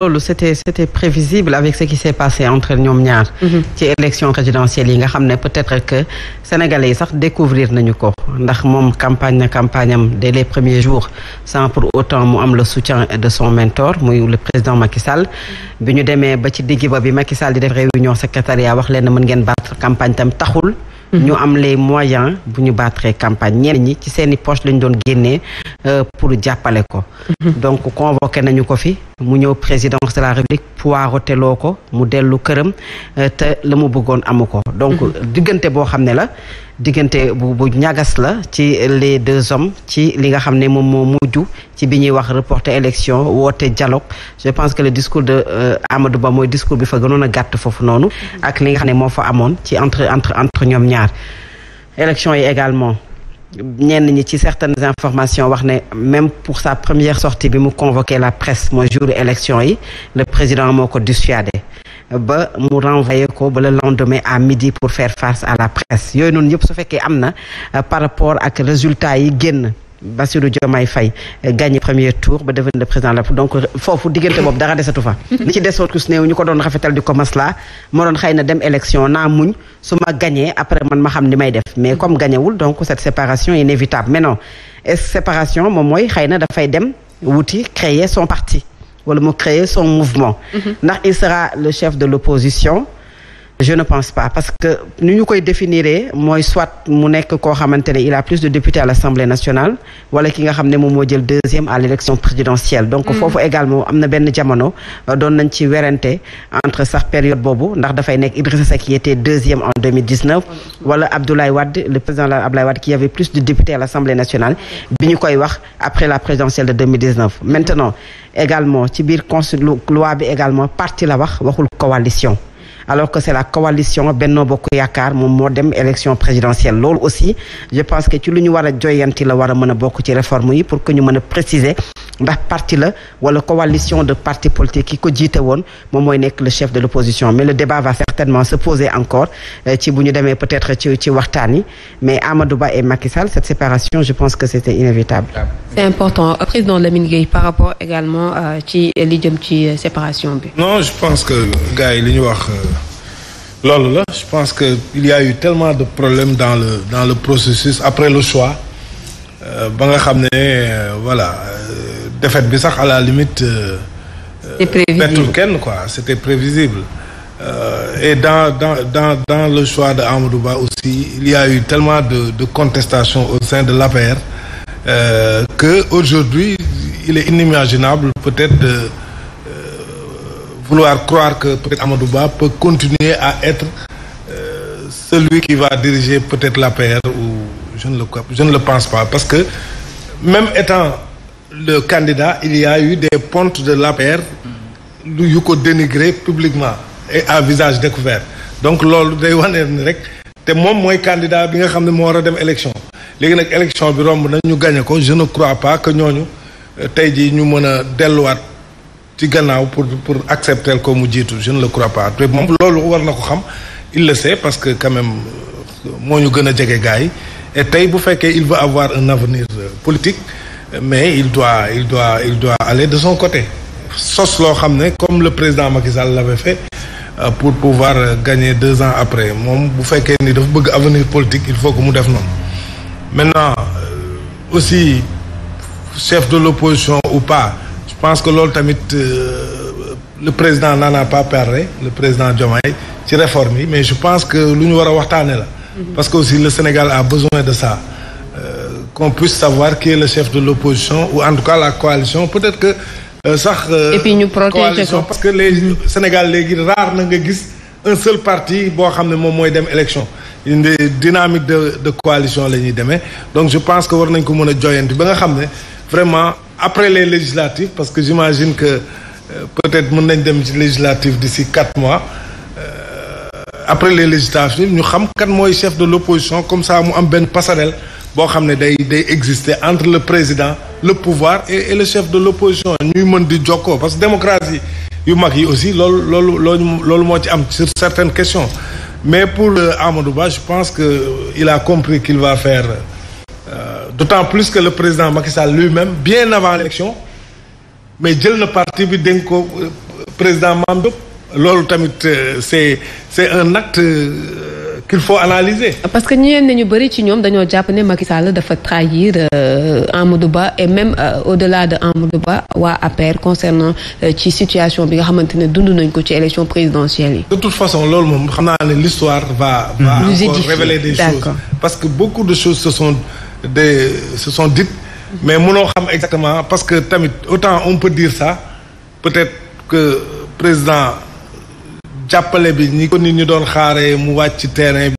loolu c'était c'était prévisible avec ce qui s'est passé entre ñoom ñaar mhm. ci élection présidentielle yi nga xam ne peut-être que sénégalais yi sax découvrir nañu ko ndax moom campagne na campagne am dès les premiers jours sans pour autant mu am le soutien de son mentor muy le président Macky Sall mhm. bi ñu demee ba ci diggi ba bi Macky Sall di def réunion secrétariat wax leen mën ngeen battre campagne tam taxul mhm. ñu am les moyens bu ñu battre campagne ñenn ñi ci seeni poche lañ doon génnee Euh, pour jàppale ko mhm. donc convoqué nañu ko fi mu ñëw présidence de la république poireauteloo ko mu dellu këram euh, te la mu bëggoon amu ko donc mhm. diggante boo xam ne la diggante bu bu ñagas la ci les deux hommes ci li nga xam ne moom moo mujj ci bi ñuy wax reporter élection woote dialogue je pense que le discours de euh, Amadou Ba mooy discours bi fa gënoon a gàtt foofu noonu ak li nga xam ne moo fa amoon ci entre entre entre ñoom ñaar élection yi également ñenn ñi ci certaines informations wax ne même pour sa première sortie bi mu convoqué la presse mooy jour élection yi le président moo ko dissuadé ba mu renvoyé ko ba le lendemain à midi pour faire face à la presse yooyu noonu yëpp su fekkee am na euh, par rapport ak résultat yi génn Bassirou Diomaye Faye euh, gagné premier tour ba devenir le président la donc euh, foofu diggante boobu dara desatu fa li ci desoot kus néew ñu ko doon rafetal di ko masla ma doon xëy na dem élection naa muñ su ma gagné après man ma xam ni may def mais comme gagnéwul donc cette séparation est inévitable mais non séparation moom mooy xay na dafay dem wuti créer son parti wala mu créer son mouvement mm-hmm. ndax il sera le chef de l'opposition je ne pense pas parce que ni ñu koy définiree mooy soit mu nekk koo xamante ne il a plus de députés à l'Assemblée nationale wala ki nga xam ne moom moo jël deuxième à l'élection présidentielle donc mm. foofu également am na benn jamono euh, doon nañ ci werante entre sax période boobu ndax dafay nekk Idrissa Seck qui était deuxième en 2019 wala Abdoulaye Wade le président Abdoulaye Wade qui avait plus de députés à l'Assemblée nationale bi ñu koy wax après la présidentielle de 2019 maintenant également ci biir consul loi bi également parti la wax waxul coalition alors que c'est la coalition Benno Bokk Yaakaar moom moo dem élection présidentielle loolu aussi je pense que ci lu ñu war a joyanti la war a mën a bokk ci réforme yi pour que ñu mën préciser ndax parti la wala coalition de partis politiques yi ko jiite woon moom mooy nekk le chef de l'opposition mais le débat va certainement se poser encore euh, ci bu ñu demee peut-être ci ci mais Amadou Ba et Macky Sall cette séparation je pense que c'était inévitable c'est important loolu la je pense que il y a eu tellement de problèmes dans le dans le processus après le choix euh, ba nga xam ne euh, voilà euh, défaite bi sax à la limite. bettul kenn quoi c'était prévisible. Euh, et dans dans dans dans le choix de Amadou Ba aussi il y a eu tellement de de contestations au sein de l'APR euh, que aujourd'hui il est inimaginable peut-être vouloir croire que peut-être Amadou Ba peut continuer à être euh, celui qui va diriger peut-être la PR ou je ne le je ne le pense pas parce que même étant le candidat il y a eu des pontes de la PR yu ko dénigré publiquement et à visage découvert donc loolu day wax ni rek te moom mooy candidat bi nga xam ne moo war a dem élection léegi nag élection bi romb na ñu gagné ko je ne crois pas que ñooñu euh, tey jii ñu mën a delluwaat. ci gannaaw pour pour accepter ko mu jiitu jeune ne le crois pas te moom loolu war na ko xam il le parce que quand même moo ñu gën a jege gars yi tey bu fekkee il veut avoir un avenir euh, politique mais il doit il doit il doit de son côté sos loo xam ne comme le président Macky Sall l'avait fait euh, pour pouvoir euh, gagner deux ans après moom bu fekkee ni dafa bëgg avenir politique il faut que mu def noonu maintenant aussi chef de l'opposition ou pas pense que loolu tamit euh, le président n'en a pas parlé le président Diomaye ci réforme yi mais je pense que lu ñu war a waxtaane la mhm. parce que aussi le Sénégal a besoin de ça euh, qu'on puisse savoir qui est le chef de l'opposition ou en cas la coalition peut-être que euh, sax et puis ñu protéger parce que les Sénégal léegi rare na nga gis un seul parti boo xam ne moom mooy dem élection une dynamique de de coalition la ñuy demee donc je pense que war nañ ko mën a joyante ba nga xam ne vraiment après les législatives parce que j'imagine que euh, peut-être mën nañ dem ci législative d'ici quatre mois euh, après les législatives ñu xam kan mooy chef de l'opposition comme ça mu am benn passerelle boo xam ne day day exister entre le président le pouvoir et, le chef de l'opposition ñuy mën di jokkoo parce que démocratie yu mag yi aussi loolu loolu loolu loolu moo ci am sur certaines questions mais pour euh, Amadou Ba je pense que il a compris qu'il va faire d'autant plus que le président Macky Sall lui-même bien avant l'élection mais jël na partie bi dénk ko euh, président Mame Diop loolu tamit euh, c'est c'est un acte euh, qu'il faut analyser. parce que ñeneen ñu bëri ci ñoom dañoo jàpp ne Macky Sall dafa trahir Amadou Ba et même au-delà de Amadou Ba waa APR concernant ci situation bi nga xamante ne dund nañ ko ci élection présidentielle yi. de toute façon loolu moom xam naa ne l'histoire va. va encore révéler des choses parce que beaucoup de choses de se sont dites mais mënoo xam exactement parce que tamit autant on peut dire sax peut-être que président jàppale bi ni ko nit ñu doon xaaree mu wàcc terrain bi